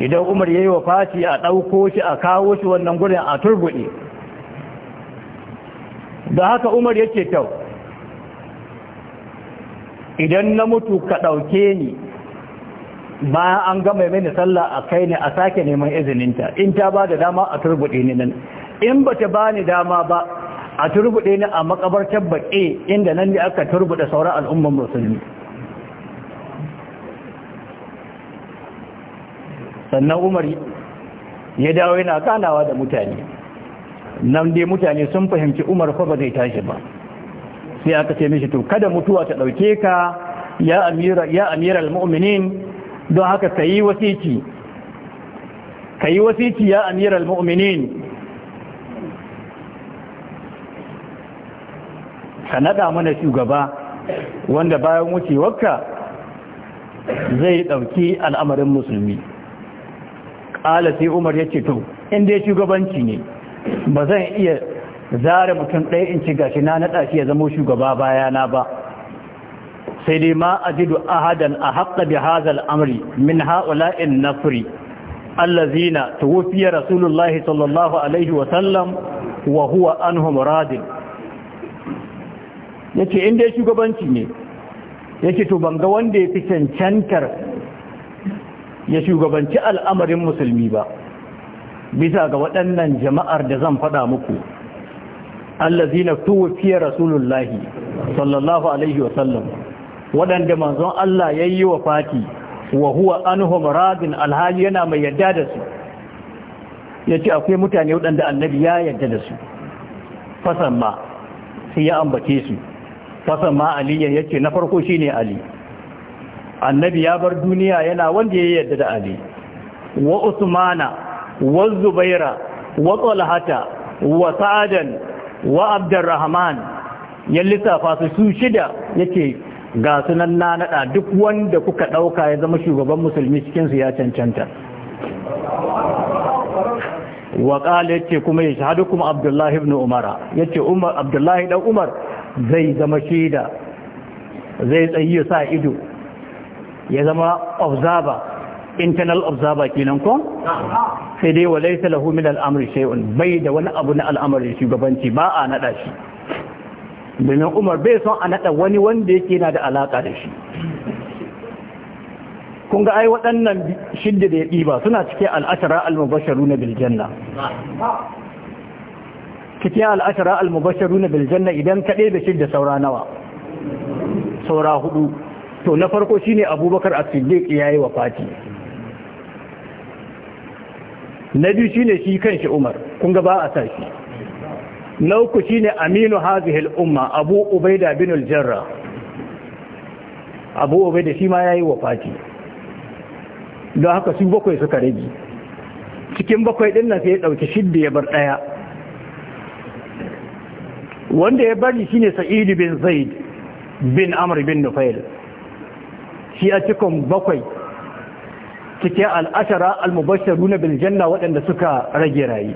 idan umar ya yi wa faci a ɗauko shi a kawo shi wannan gurin a turbuɗe don haka umar ya ce kyau idan na mutu ka ɗauke ni bayan an gama mini sallah a kai ne a sake neman izininta in ta ba da dama a turbuɗe ni nan in ba ta ba ni dama ba a turbuɗe ni a makabartar baƙe inda nan ne aka turbuɗe sauran al'ummar musulmi sannan umar ya dawo yana kanawa da mutane nan dai mutane sun fahimci umar fa ba zai tashi ba sai aka ce mishi to kada mutuwa ta ɗauke ka ya amiral mu'minin don haka kayi wasiki yi wasiki ya amiral mu'minin ka nada mana shugaba wanda bayan wucewarka zai ɗauki al'amarin musulmi ƙala sai umar ya ce to inda shugabanci ne ba zan iya zara mutum ɗaya in ci gashi na naɗa shi ya zama shugaba bayana ba sai dai ma a jidu ahadan a haƙa bi hazal amri min ha'ula'in nafri allazina tuwufiya rasulullahi sallallahu alaihi wasallam wa huwa anhum radin ya ce inda ya shugabanci ne ya ce to banga wanda ya fi cancantar ya shugabanci al'amarin musulmi ba bisa ga waɗannan jama'ar da zan faɗa muku allazina tuwfiya rasulullahi sallallahu alaihi wasallam waɗanda manzon Allah ya yi wa fati wa huwa anhum radin alhali yana mai yadda da su ya ce akwai mutane waɗanda annabi ya yadda da su fasan ma sai ya ambace su ma aliyan yake na farko shine ali annabi ya bar duniya yana wanda ya yarda da ali wa usmana wa zubaira wa talhata wa sa'adan wa abdurrahman ya lissafa su su shida yake ga sunan na nada duk wanda kuka dauka ya zama shugaban musulmi cikin su ya cancanta wa qala yace kuma yashhadukum abdullahi ibn umara yace umar abdullahi dan umar zai zama shaida zai tsayi sa ido ya zama observer internal observer kenan ko sai dai walaysa lahu min al-amri shay'un bai da wani abu na al'amari shugabanci ba a nada shi domin Umar bai son a nada wani wanda yake yana da alaka da shi kun ga ai waɗannan shidda da ya ɗiba suna cike al'ashara al-mubasharu na biljanna cikin al'ashara al-mubasharu na biljanna idan ka shi da saura nawa saura hudu to na farko shine abubakar as-siddiq yayi fati. na biyu shine shi kanshi umar kun ga ba a sashi. na uku shine aminu hadhihi al-umma abu ubaida bin al-jarra abu ubaida shi ma yayi fati. don haka su bakwai suka rage cikin bakwai ɗin nan sai ya dauki shidda ya bar ɗaya. wanda ya bari ne Sa'idu bin zaid bin amri bin nufail shi a cikin bakwai cikin al'ashara al na bin janna waɗanda suka rage rayu.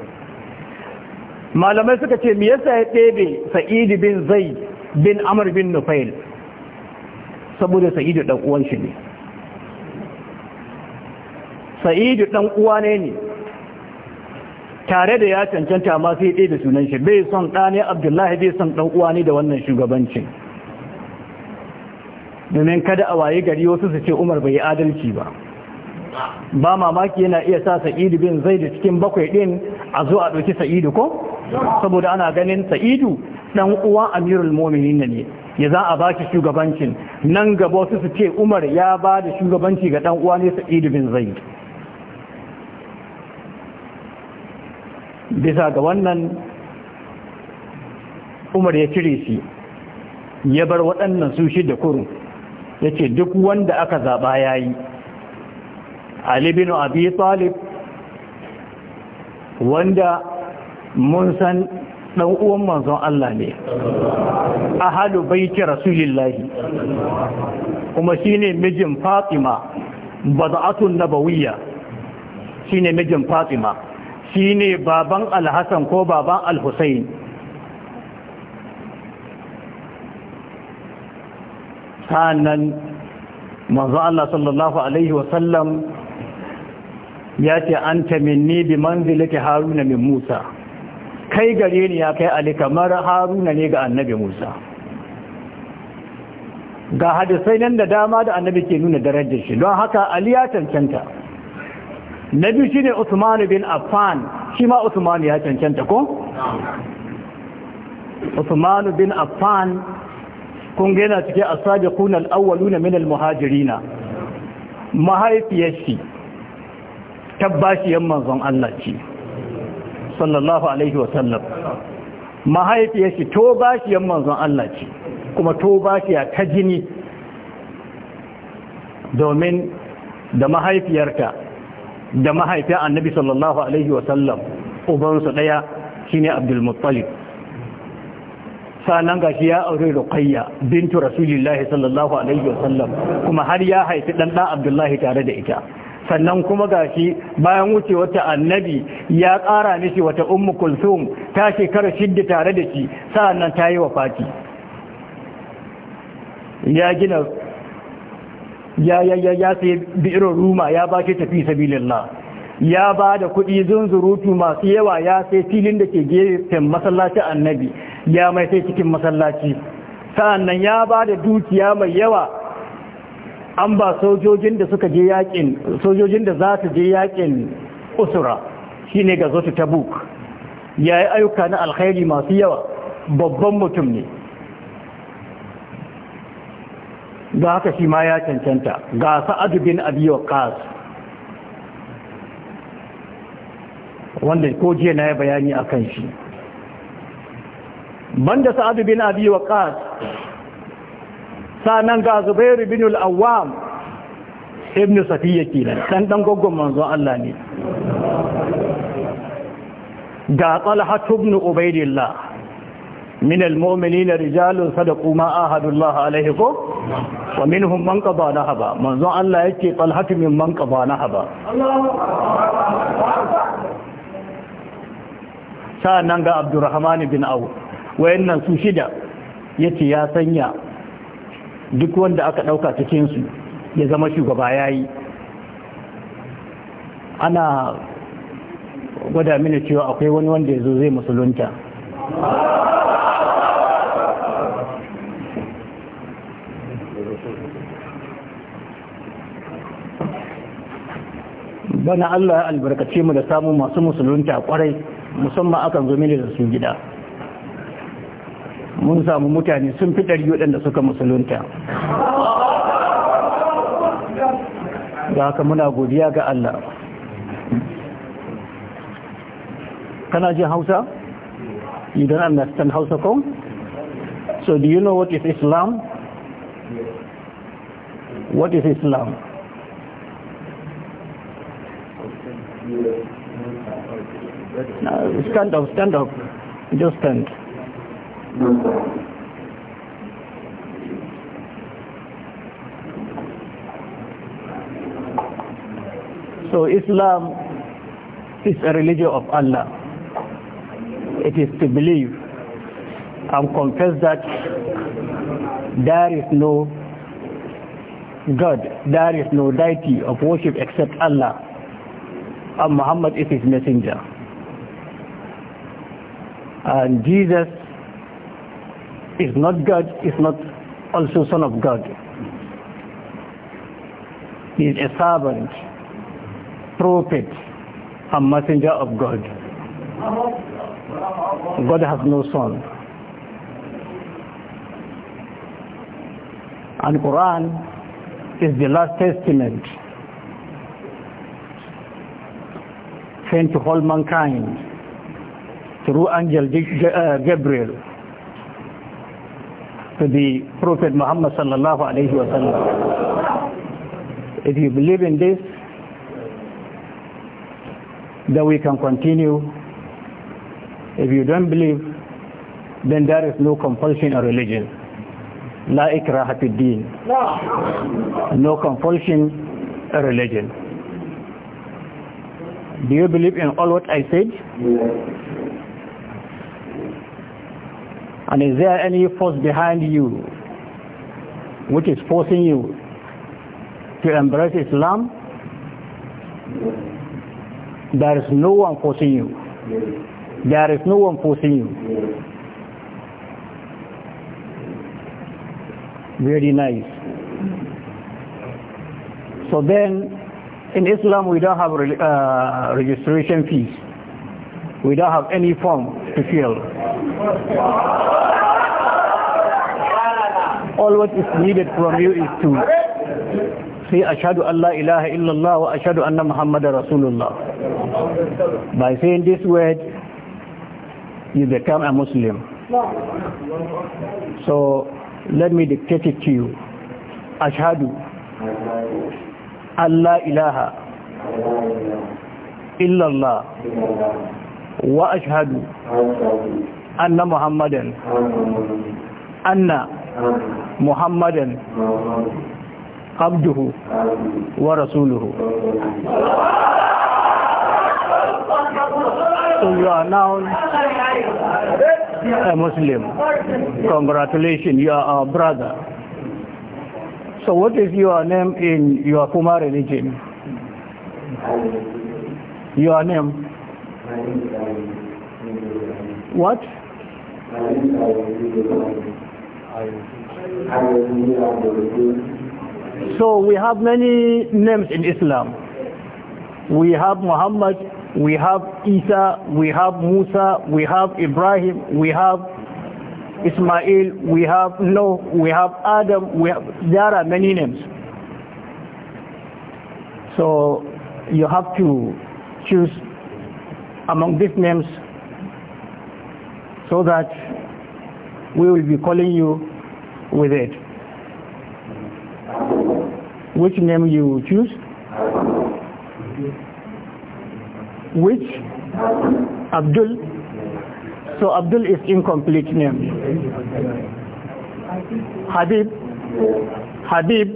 malamai suka ce me yasa ya ɗebe Sa'idu bin zaid bin amri bin nufail saboda Sa'idu ɗan uwan shi ne Sa'idu ɗan uwa ne ne tare da ya cancanta ma sai ɗaya da sunan shi bai son ɗane abdullahi bai son ɗan uwa ne da wannan shugabanci domin kada a waye gari wasu su ce umar bai adalci ba ba mamaki yana iya sa sa'idu bin zai da cikin bakwai ɗin a zo a ɗauki sa'idu ko saboda ana ganin sa'idu ɗan uwa amirul mominin ne ya za a baki shugabancin nan gaba wasu su ce umar ya ba da shugabanci ga ɗan uwa ne sa'idu bin zai bisa ga wannan umar ya cire shi ya bar waɗannan su shi da kuru ya ce duk wanda aka zaɓa ya yi alibinu abi talib wanda mun san ɗan uwan manzon Allah ne a halu bai baiti rasulillahi kuma shi ne mijin fatima ba za'atun nabawiyya shi ne mijin fatima Shi ne baban alhassan ko baban alhussein sannan manzo Allah sallallahu alaihi wasallam ya ce an taminni bi manzilati haruna min musa kai gare ni ya kai ali kamar haruna ne ga annabi musa ga hadisai nan da dama da annabi ke nuna darajar shi don haka ali ya cancanta na biyu ne Usmanu bin Affan shi ma Usmanu ya cancanta ko Usmanu bin Affan kun gina yana a as-sabiqun al na minal al-muhajirin mahaifiyar shi manzon Allah ce sallallahu alaihi wa sallam mahaifiyar shi yan manzon Allah ce kuma to ya ta jini domin da mahaifiyarta da mahaifin annabi sallallahu alaihi wasallam ubansu ɗaya shine abdulmuttalib sanan gashi ya aure ruqayya bintu rasulillahi sallallahu alaihi wasallam kuma har ya haifi dan dan abdullahi tare da ita sannan kuma gashi bayan wucewar ta annabi ya kara mishi wata ummu kulsum ta shekara shidda tare da shi sannan ta yi wafati ya gina ya ya ya ya sai bi'irin ruma ya ba ke tafi sabilillah ya ba da kuɗi zunzurutu masu yawa ya sai filin da ke gefen masallaci annabi ya mai sai cikin masallaci sa'annan ya ba da dukiya mai yawa an ba sojojin da suka je yakin sojojin da za su je yakin usura shine ga zotu ta tabuk ya yi ayyuka na alkhairi masu yawa babban mutum ne da haka shi ma ya cancanta ga Sa'ad bin abi waqas wanda ko jiya na yi bayani kan shi banda Sa'ad bin abi waqas sanan ga zubairu bin al-awwam ibn ke kenan dan dan goggon manzon Allah ne ga talha ibn ubaidillah min muminina rijalun sadaqu ma ahadullah alaihi ko wa minhum man qada nahaba manzon Allah yake talhatu min man qada nahaba nan ga Abdurrahman bin Aw wayannan su shida yace ya sanya duk wanda aka dauka cikin su ya zama shugaba yayi ana gwada mini cewa akwai wani wanda ya zo zai musulunta bana Allah ya albarkace mu da samu masu musulunta kwarai musamman akan zo mini da su gida mun samu mutane sun fi ɗari waɗanda suka musulunta da haka muna godiya ga Allah kana jin hausa? you don't understand hausa ko? so do you know what is islam? what is islam? No, stand up, stand up. Just stand. So Islam is a religion of Allah. It is to believe and confess that there is no God, there is no deity of worship except Allah and Muhammad is his messenger. And Jesus is not God, is not also son of God. He is a servant, prophet, a messenger of God. God has no son. And Quran is the last testament sent to all mankind through angel uh, Gabriel to the Prophet Muhammad sallallahu alayhi wa sallam. If you believe in this, then we can continue. If you don't believe, then there is no compulsion or religion. La ikraha fi No compulsion or religion. Do you believe in all what I said? Yes. And is there any force behind you which is forcing you to embrace Islam? Yes. There is no one forcing you. Yes. There is no one forcing you. Very nice. So then in Islam we don't have uh, registration fees. We don't have any form to fill. All what is needed from you is to say ashadu Allah ilaha illallah wa ashadu anna Muhammad Rasulullah. By saying this word, you become a Muslim. So let me dictate it to you. Ashadu الله إله إلا الله وأشهد أن محمدا أن محمدا عبده ورسوله you are now a Muslim. Congratulations, you are our brother. So what is your name in your Puma religion? Your name? What? So we have many names in Islam. We have Muhammad, we have Isa, we have Musa, we have Ibrahim, we have Ismail, we have Noah, we have Adam, we have, there are many names. So you have to choose among these names so that we will be calling you with it. Which name you choose? Which? Abdul? So Abdul is incomplete name. Habib. Habib.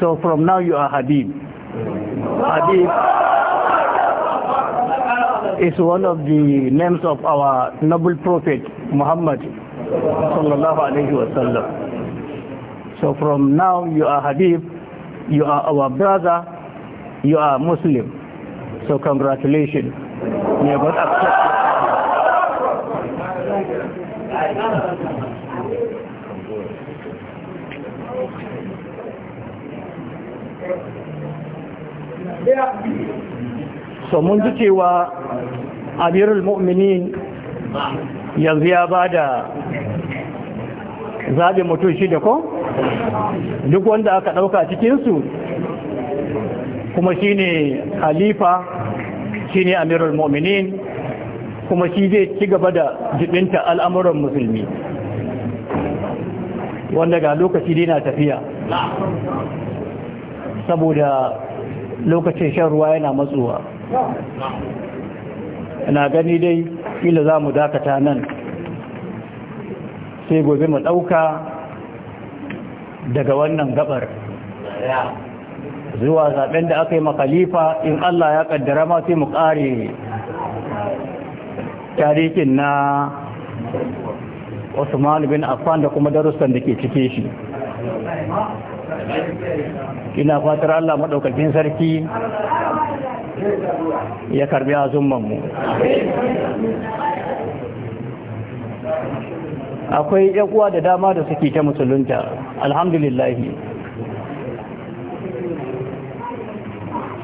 So from now you are Habib. Habib is one of the names of our noble prophet Muhammad sallallahu alaihi wasallam. So from now you are Habib, you are our brother, you are Muslim. So congratulations. May God accept so mun ji cewa amirul mu'minin yanzu ya ba da zaɓe mutum da ko duk wanda aka ɗauka cikinsu kuma shi halifa khalifa ne amirul mu'minin kuma shi zai ci gaba da jibinta al'amuran musulmi wanda ga lokaci dai na tafiya saboda lokacin shan ruwa yana matsuwa na gani dai ila za mu dakata nan sai gobe mu ɗauka daga wannan gabar zuwa zaben da aka yi makalifa in Allah ya kaddara ma sai mu ƙare tarihin na Usman bin Affan da kuma darussan da ke cike shi ina fatar Allah maɗaukakin sarki ya karbi mu. akwai yakuwa da dama da suke ta musulunta alhamdulillahi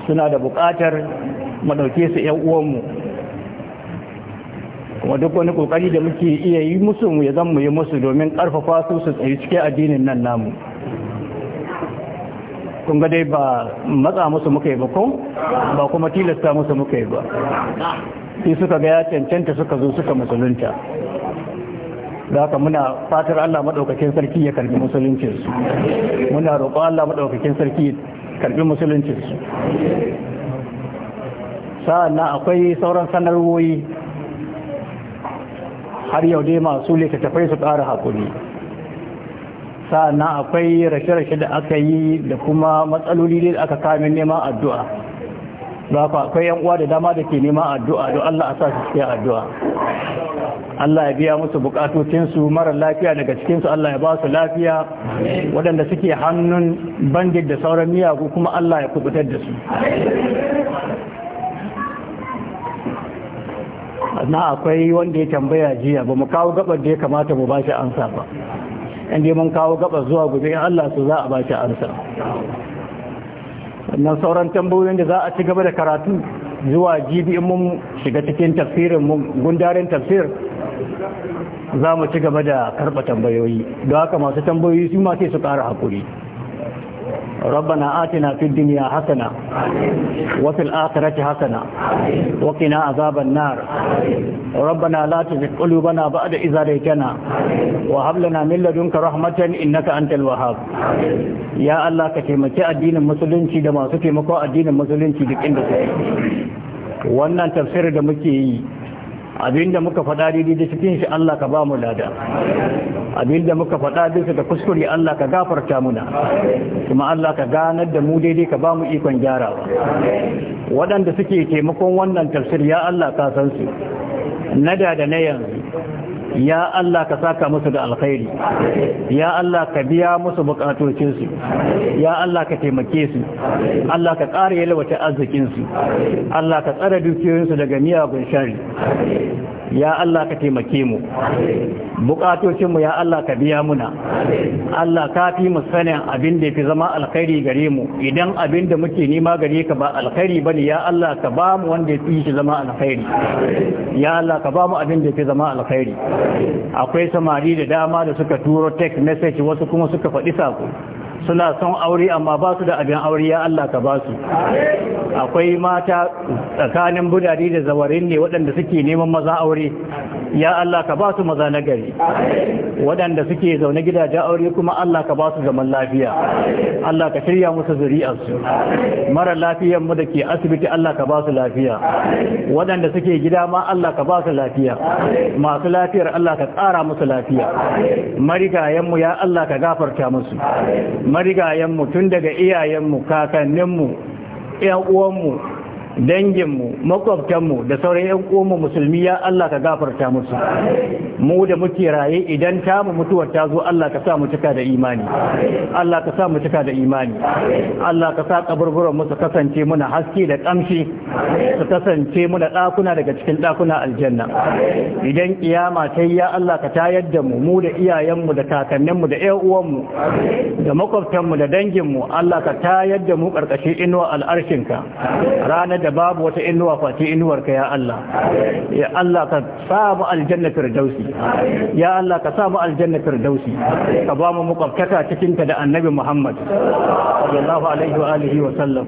suna da buƙatar maɗauke su uwanmu kuma duk wani kokari da muke iya yi musu mu ya zan mu yi musu domin karfafa su su tsayi cike addinin nan namu kun ga dai ba matsa musu muka yi ba ko ba kuma tilasta musu muka yi ba sai suka ga ya cancanta suka zo suka musulunta da haka muna fatar Allah maɗaukakin sarki ya karbi musuluncinsu muna roƙo Allah maɗaukakin sarki karbi musuluncinsu sa'annan akwai sauran sanarwoyi har yau dai masu littattafai su ƙara haƙuri na akwai rashe-rashe da aka yi da kuma matsaloli da aka kamin neman addu'a za ku akwai yan uwa da dama da ke neman addu'a don Allah a sa su ke addu'a Allah ya biya musu bukatotinsu mara lafiya daga cikinsu Allah ya ba su lafiya waɗanda suke hannun bandit da sauran miyagu kuma Allah ya kubutar da su na akwai wanda ya tambaya jiya ba mu kawo gabar da ya kamata mu bashi ansa ba inda mun kawo gabar zuwa gobe in Allah su za a bashi ansa sannan sauran tambayoyin da za a ci gaba da karatu zuwa jibi in mun shiga cikin tafsirin mun gundarin tafsir za mu ci gaba da karɓa tambayoyi da haka masu tambayoyi su ma sai su kara hakuri ربنا آتنا في الدنيا حسنة وفي الآخرة حسنة وقنا عذاب النار ربنا لا تزغ قلوبنا بعد إذ هديتنا وهب لنا من لدنك رحمة إنك أنت الوهاب يا الله كتمكي الدين المسلمين da masu taimako addinin musulunci duk inda suke wannan tafsir da muke yi abinda muka faɗa daidai da cikin shi Allah ka ba mu lada abinda muka faɗa bisa da kuskure Allah ka gafarta muna kuma Allah ka ganar da mu daidai ka ba mu ikon gyarawa waɗanda suke taimakon wannan tafsir ya Allah ka san su nada da na yanzu ya Allah ka saka musu da alkhairi ya Allah ka biya musu bukatocinsu ya Allah ka taimake su Allah ka ƙara yalwata arzikinsu Allah ka tsara dukiyoyinsu daga miyagun shari ya Allah ka taimake mu Buƙatocinmu ya Allah ka biya muna Allah ka fi mu sanin abin da fi zama alkhairi gare mu idan abin da muke nema gare ka ba alkhairi bane ya Allah ka ba mu wanda fi shi zama alkhairi ya Allah ka ba mu abin da fi zama alkhairi akwai samari da dama da suka turo text message wasu kuma suka faɗi sako suna son aure amma ba su da abin aure ya Allah ka ba su akwai mata tsakanin budari da zawarin ne waɗanda suke neman maza aure ya Allah ka ba su maza na gari waɗanda suke zaune gidajen aure kuma Allah ka ba su zaman lafiya Allah ka shirya musu zuri'arsu mara lafiyar mu da ke asibiti Allah ka ba su lafiya waɗanda suke gida ma Allah ka ba su lafiya masu lafiyar Allah ka ƙara musu lafiya marigayenmu ya Allah ka gafarta musu marigayenmu tun daga iyayenmu kakanninmu yan uwanmu danginmu makwabtanmu da sauran yan uwanmu musulmi ya Allah ka gafarta musu mu da muke raye idan ta mu mutuwar ta zo Allah ka sa mu cika da imani Allah ka sa mu cika da imani Allah ka sa kaburburan musu kasance muna haske da kamshi su kasance muna dakuna daga cikin ɗakuna aljanna idan kiyama ta yi ya Allah ka tayar da mu mu da iyayenmu da kakanninmu da ƴan uwanmu da makwabtanmu da danginmu Allah ka tayar da mu karkashin inuwa al'arshinka ranar da babu wata inuwa fati inuwar ya Allah ya Allah ka sa mu aljanna firdausi ya Allah ka sa aljanna firdausi ka ba mu muqaffata cikin da annabi Muhammad sallallahu alaihi wa alihi wa sallam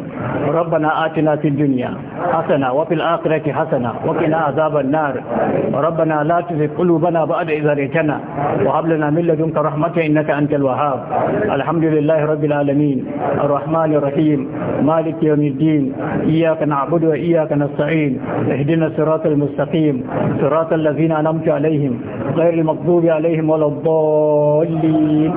rabbana atina fid dunya hasana wa fil akhirati hasana wa qina azaban nar rabbana la tuzigh qulubana ba'da idh hadaytana wa hab lana min ladunka rahmatan innaka antal wahhab alhamdulillahi rabbil alamin الرحمن الرحيم مالك يوم الدين إياك نعبد نعبد وإياك نستعين اهدنا الصراط المستقيم صراط الذين أنمت عليهم غير المغضوب عليهم ولا الضالين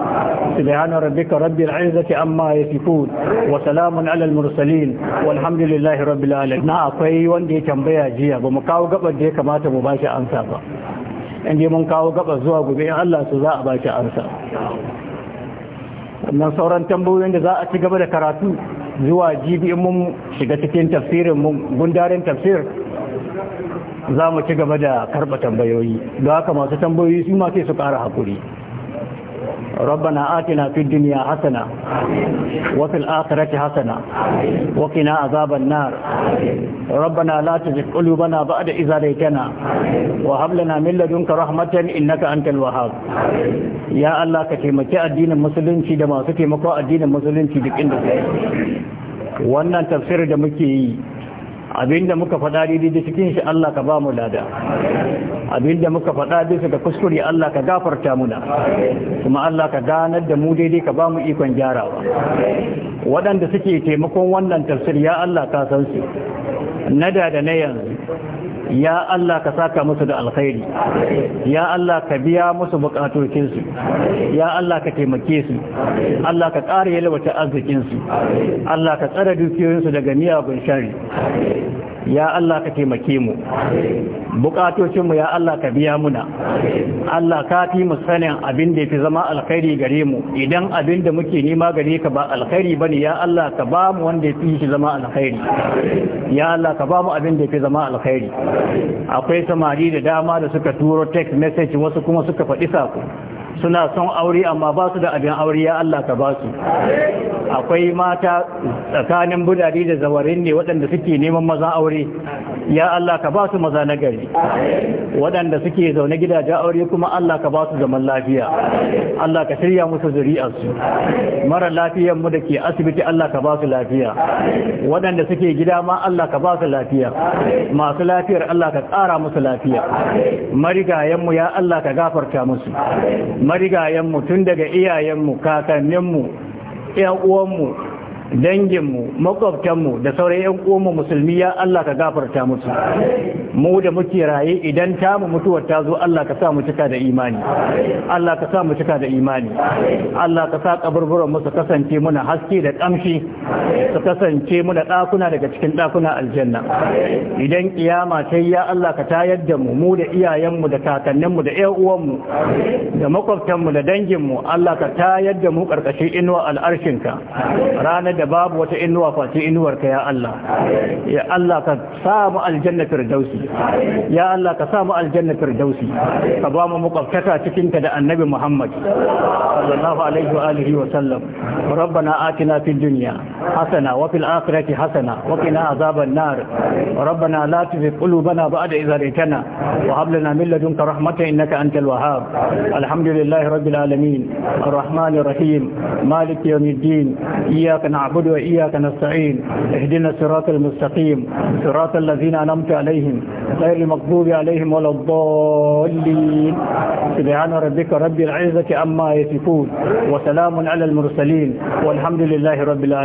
سبحان ربك رب العزة عما يصفون وسلام على المرسلين والحمد لله رب العالمين na akwai wanda ya tambaya jiya ba mu kawo gabar da ya kamata mu bashi ansa ba inda mun kawo gabar zuwa gobe in Allah su za a bashi ansa sannan sauran tambayoyin da za a ci gaba da karatu zuwa jibi mun shiga cikin tafsirin gundarin tafsir za mu ci gaba da karɓa tambayoyi don haka masu tambayoyi su ma sai su ƙara haƙuri ربنا آتنا في الدنيا حسنة وفي الآخرة حسنة وقنا عذاب النار ربنا لا تزغ قلوبنا بعد إذ هديتنا وهب لنا من لدنك رحمة إنك أنت الوهاب يا الله كتمكي الدين المسلم في دما كتمكي الدين المسلم في دك إنك wannan tafsir da muke yi abinda muka faɗa daidai cikin shi Allah ka ba mu lada abinda muka faɗa bisa ga kuskure Allah ka gafarta muna kuma Allah ka ganar da mu daidai ka ba mu ikon gyarawa waɗanda suke taimakon wannan tafsir ya Allah ka san su nada da na yanzu ya Allah ka saka musu da alkhairi ya Allah ka biya musu su ya Allah ka taimake su Allah ka ƙara yalwata arzikinsu Allah ka tsara dukiyoyinsu daga miyagun shari ya Allah ka taimake mu bukatocinmu ya Allah ka biya muna Allah ka fi mu sanin abin da ya fi zama alkhairi gare mu idan abin da muke nema gare ka ba alkhairi bane ya Allah ka ba mu wanda ya fi shi zama alkhairi ya Allah ka ba mu abin da ya fi zama alkhairi akwai samari da dama da suka turo text message wasu kuma suka faɗi sako suna son aure amma ba su da abin aure ya Allah ka ba su akwai mata tsakanin budari da zawarin ne waɗanda suke neman maza aure ya Allah ka ba su maza na gari waɗanda suke zaune gidajen aure kuma Allah ka ba su zaman lafiya Allah ka shirya musu zuri'arsu mara lafiyar mu da ke asibiti Allah ka ba su lafiya waɗanda suke gida ma Allah ka ba su lafiya masu lafiyar Allah ka ƙara musu lafiya marigayenmu ya Allah ka gafarta musu marigayenmu tun daga iyayenmu kakanninmu o uwanmu danginmu makwabtanmu da sauran yan ƙoma musulmi ya Allah ka gafarta musu mu da muke raye idan tamu mutuwar ta zo Allah ka sa mu cika da imani Allah ka sa mu cika da imani Allah ka sa kaburburan mu kasance muna haske da kamshi su kasance muna dakuna daga cikin dakuna aljanna idan kiyama ta ya Allah ka tayar da mu mu da iyayenmu da kakanninmu da ƴan uwanmu da makwabtanmu da danginmu Allah ka tayar da mu karkashin inuwa al'arshinka ranar da babu wata inuwa face inuwarka ya Allah ya Allah ka sa mu aljanna firdausi ya Allah ka samu aljanna firdausi ka ba mu muqaffata cikin ka da annabi Muhammad sallallahu alaihi wa alihi wa sallam rabbana atina fid dunya hasana wa fil akhirati hasana wa qina azaban nar rabbana la tuzigh qulubana ba'da idh hadaytana wa hab lana min ladunka rahmatan innaka antal wahhab alhamdulillahi rabbil alamin الرحمن الرحيم مالك يوم الدين إياك نعبد نعبد وإياك نستعين اهدنا الصراط المستقيم صراط الذين أنمت عليهم غير المغضوب عليهم ولا الضالين سبحان ربك رب العزة عما يصفون وسلام على المرسلين والحمد لله رب العالمين